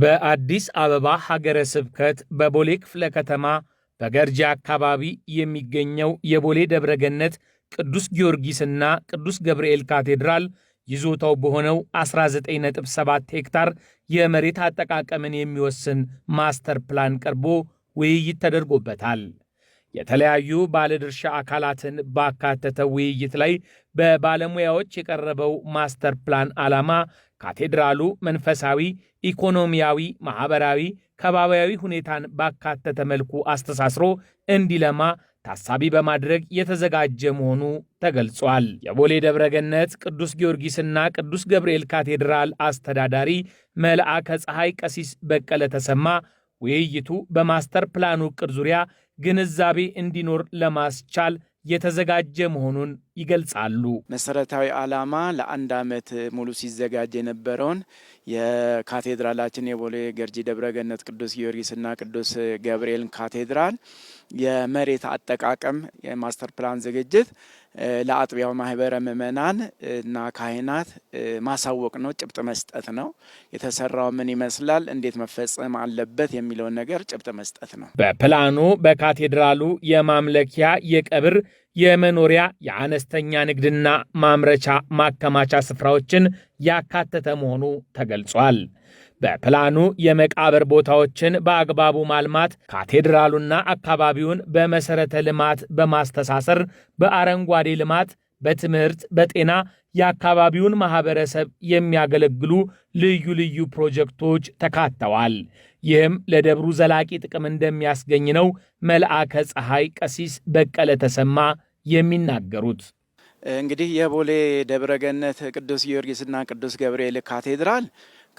በአዲስ አበባ ሀገረ ስብከት በቦሌ ክፍለ ከተማ በገርጂ አካባቢ የሚገኘው የቦሌ ደብረገነት ቅዱስ ጊዮርጊስና ቅዱስ ገብርኤል ካቴድራል ይዞታው በሆነው 19.7 ሄክታር የመሬት አጠቃቀምን የሚወስን ማስተር ፕላን ቀርቦ ውይይት ተደርጎበታል። የተለያዩ ባለድርሻ አካላትን ባካተተው ውይይት ላይ በባለሙያዎች የቀረበው ማስተር ፕላን ዓላማ ካቴድራሉ መንፈሳዊ፣ ኢኮኖሚያዊ፣ ማኅበራዊ፣ ከባቢያዊ ሁኔታን ባካተተ መልኩ አስተሳስሮ እንዲለማ ታሳቢ በማድረግ የተዘጋጀ መሆኑ ተገልጿል። የቦሌ ደብረገነት ቅዱስ ጊዮርጊስና ቅዱስ ገብርኤል ካቴድራል አስተዳዳሪ መልአከ ፀሐይ ቀሲስ በቀለ ተሰማ ውይይቱ በማስተር ፕላኑ ዕቅድ ዙሪያ ግንዛቤ እንዲኖር ለማስቻል የተዘጋጀ መሆኑን ይገልጻሉ። መሰረታዊ ዓላማ ለአንድ ዓመት ሙሉ ሲዘጋጅ የነበረውን የካቴድራላችን የቦሌ ገርጂ ደብረገነት ቅዱስ ጊዮርጊስና ቅዱስ ገብርኤል ካቴድራል የመሬት አጠቃቀም የማስተር ፕላን ዝግጅት ለአጥቢያው ማህበረ ምእመናን እና ካህናት ማሳወቅ ነው፣ ጭብጥ መስጠት ነው። የተሰራው ምን ይመስላል፣ እንዴት መፈጸም አለበት የሚለውን ነገር ጭብጥ መስጠት ነው። በፕላኑ በካቴድራሉ የማምለኪያ የቀብር የመኖሪያ የአነስተኛ ንግድና ማምረቻ ማከማቻ ስፍራዎችን ያካተተ መሆኑ ተገልጿል። በፕላኑ የመቃብር ቦታዎችን በአግባቡ ማልማት፣ ካቴድራሉና አካባቢውን በመሠረተ ልማት በማስተሳሰር በአረንጓዴ ልማት፣ በትምህርት፣ በጤና የአካባቢውን ማህበረሰብ የሚያገለግሉ ልዩ ልዩ ፕሮጀክቶች ተካተዋል። ይህም ለደብሩ ዘላቂ ጥቅም እንደሚያስገኝ ነው መልአከ ፀሐይ ቀሲስ በቀለ ተሰማ የሚናገሩት። እንግዲህ የቦሌ ደብረገነት ቅዱስ ጊዮርጊስና ቅዱስ ገብርኤል ካቴድራል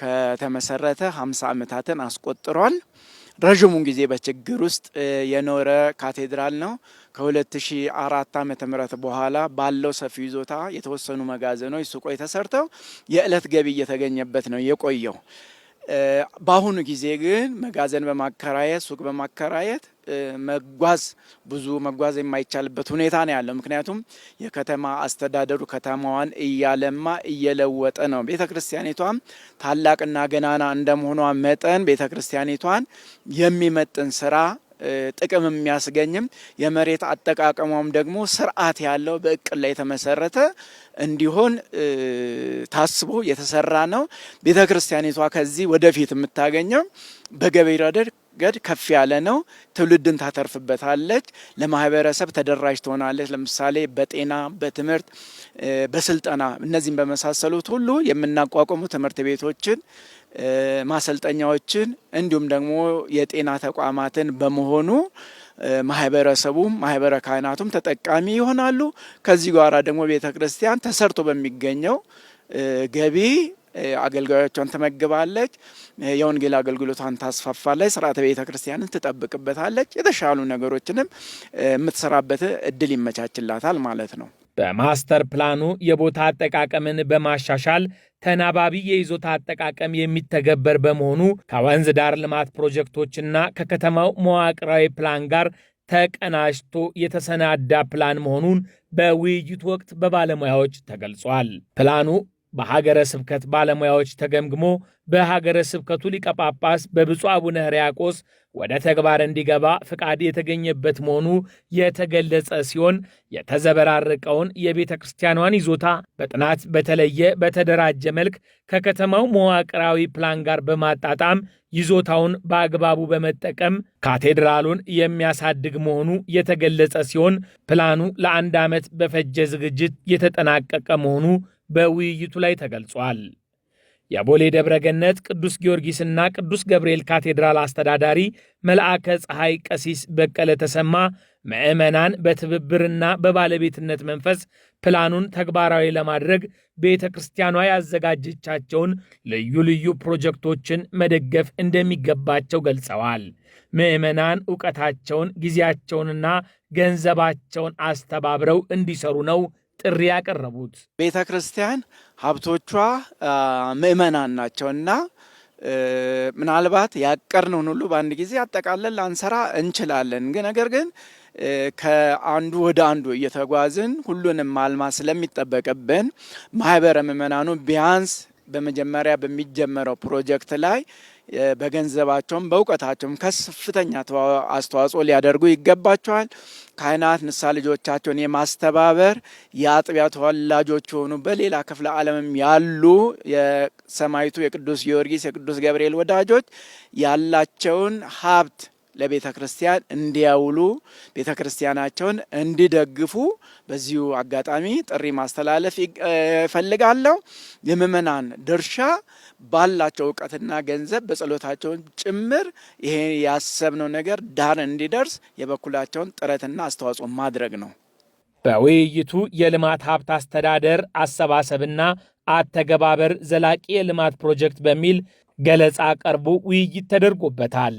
ከተመሰረተ 50 ዓመታትን አስቆጥሯል። ረዥሙን ጊዜ በችግር ውስጥ የኖረ ካቴድራል ነው። ከ2004 ዓ ም በኋላ ባለው ሰፊ ይዞታ የተወሰኑ መጋዘኖች፣ ሱቆች ተሰርተው የዕለት ገቢ እየተገኘበት ነው የቆየው። በአሁኑ ጊዜ ግን መጋዘን በማከራየት ሱቅ በማከራየት መጓዝ ብዙ መጓዝ የማይቻልበት ሁኔታ ነው ያለው። ምክንያቱም የከተማ አስተዳደሩ ከተማዋን እያለማ እየለወጠ ነው። ቤተ ክርስቲያኒቷም ታላቅና ገናና እንደመሆኗ መጠን ቤተ ክርስቲያኒቷን የሚመጥን ስራ ጥቅም የሚያስገኝም የመሬት አጠቃቀሟም ደግሞ ስርዓት ያለው በእቅድ ላይ የተመሰረተ እንዲሆን ታስቦ የተሰራ ነው። ቤተ ክርስቲያኒቷ ከዚህ ወደፊት የምታገኘው በገቢ ረደድ መንገድ ከፍ ያለ ነው። ትውልድን ታተርፍበታለች፣ ለማህበረሰብ ተደራሽ ትሆናለች። ለምሳሌ በጤና፣ በትምህርት፣ በስልጠና እነዚህም በመሳሰሉት ሁሉ የምናቋቁሙ ትምህርት ቤቶችን ማሰልጠኛዎችን እንዲሁም ደግሞ የጤና ተቋማትን በመሆኑ ማህበረሰቡም ማህበረ ካህናቱም ተጠቃሚ ይሆናሉ። ከዚህ ጋራ ደግሞ ቤተ ክርስቲያን ተሰርቶ በሚገኘው ገቢ አገልጋዮቿን ትመግባለች፣ የወንጌል አገልግሎቷን ታስፋፋለች፣ ስርዓተ ቤተ ክርስቲያንን ትጠብቅበታለች፣ የተሻሉ ነገሮችንም የምትሰራበት እድል ይመቻችላታል ማለት ነው። በማስተር ፕላኑ የቦታ አጠቃቀምን በማሻሻል ተናባቢ የይዞታ አጠቃቀም የሚተገበር በመሆኑ ከወንዝ ዳር ልማት ፕሮጀክቶችና ከከተማው መዋቅራዊ ፕላን ጋር ተቀናጅቶ የተሰናዳ ፕላን መሆኑን በውይይቱ ወቅት በባለሙያዎች ተገልጿል። ፕላኑ በሀገረ ስብከት ባለሙያዎች ተገምግሞ በሀገረ ስብከቱ ሊቀ ጳጳስ በብፁዕ አቡነ ሕርያቆስ ወደ ተግባር እንዲገባ ፍቃድ የተገኘበት መሆኑ የተገለጸ ሲሆን የተዘበራረቀውን የቤተ ክርስቲያኗን ይዞታ በጥናት በተለየ በተደራጀ መልክ ከከተማው መዋቅራዊ ፕላን ጋር በማጣጣም ይዞታውን በአግባቡ በመጠቀም ካቴድራሉን የሚያሳድግ መሆኑ የተገለጸ ሲሆን ፕላኑ ለአንድ ዓመት በፈጀ ዝግጅት የተጠናቀቀ መሆኑ በውይይቱ ላይ ተገልጿል። የቦሌ ደብረ ገነት ቅዱስ ጊዮርጊስና ቅዱስ ገብርኤል ካቴድራል አስተዳዳሪ መልአከ ፀሐይ ቀሲስ በቀለ ተሰማ ምዕመናን በትብብርና በባለቤትነት መንፈስ ፕላኑን ተግባራዊ ለማድረግ ቤተ ክርስቲያኗ ያዘጋጀቻቸውን ልዩ ልዩ ፕሮጀክቶችን መደገፍ እንደሚገባቸው ገልጸዋል። ምዕመናን እውቀታቸውን፣ ጊዜያቸውንና ገንዘባቸውን አስተባብረው እንዲሰሩ ነው ጥሪ ያቀረቡት። ቤተ ክርስቲያን ሀብቶቿ ምእመናን እና ምናልባት ያቀርነውን ሁሉ በአንድ ጊዜ አጠቃለን ላንሰራ እንችላለን። ነገር ግን ከአንዱ ወደ አንዱ እየተጓዝን ሁሉንም ማልማት ስለሚጠበቅብን ማህበረ ምእመናኑ ቢያንስ በመጀመሪያ በሚጀመረው ፕሮጀክት ላይ በገንዘባቸውም በእውቀታቸውም ከፍተኛ አስተዋጽኦ ሊያደርጉ ይገባቸዋል። ካህናት ንሳ ልጆቻቸውን የማስተባበር የአጥቢያ ተወላጆች የሆኑ በሌላ ክፍለ ዓለምም ያሉ የሰማይቱ የቅዱስ ጊዮርጊስ የቅዱስ ገብርኤል ወዳጆች ያላቸውን ሀብት ለቤተ ክርስቲያን እንዲያውሉ ቤተ ክርስቲያናቸውን እንዲደግፉ በዚሁ አጋጣሚ ጥሪ ማስተላለፍ ይፈልጋለሁ። የምእመናን ድርሻ ባላቸው እውቀትና ገንዘብ በጸሎታቸውን ጭምር ይሄ ያሰብነው ነገር ዳር እንዲደርስ የበኩላቸውን ጥረትና አስተዋጽኦ ማድረግ ነው። በውይይቱ የልማት ሀብት አስተዳደር አሰባሰብና አተገባበር ዘላቂ የልማት ፕሮጀክት በሚል ገለጻ ቀርቦ ውይይት ተደርጎበታል።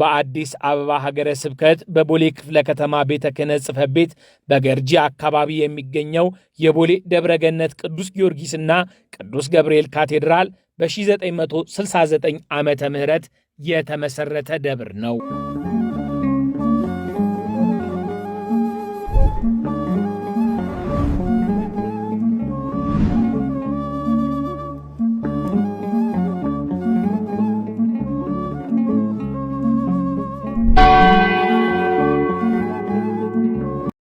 በአዲስ አበባ ሀገረ ስብከት በቦሌ ክፍለ ከተማ ቤተ ክህነት ጽሕፈት ቤት በገርጂ አካባቢ የሚገኘው የቦሌ ደብረገነት ቅዱስ ጊዮርጊስና ቅዱስ ገብርኤል ካቴድራል በ1969 ዓመተ ምህረት የተመሠረተ ደብር ነው።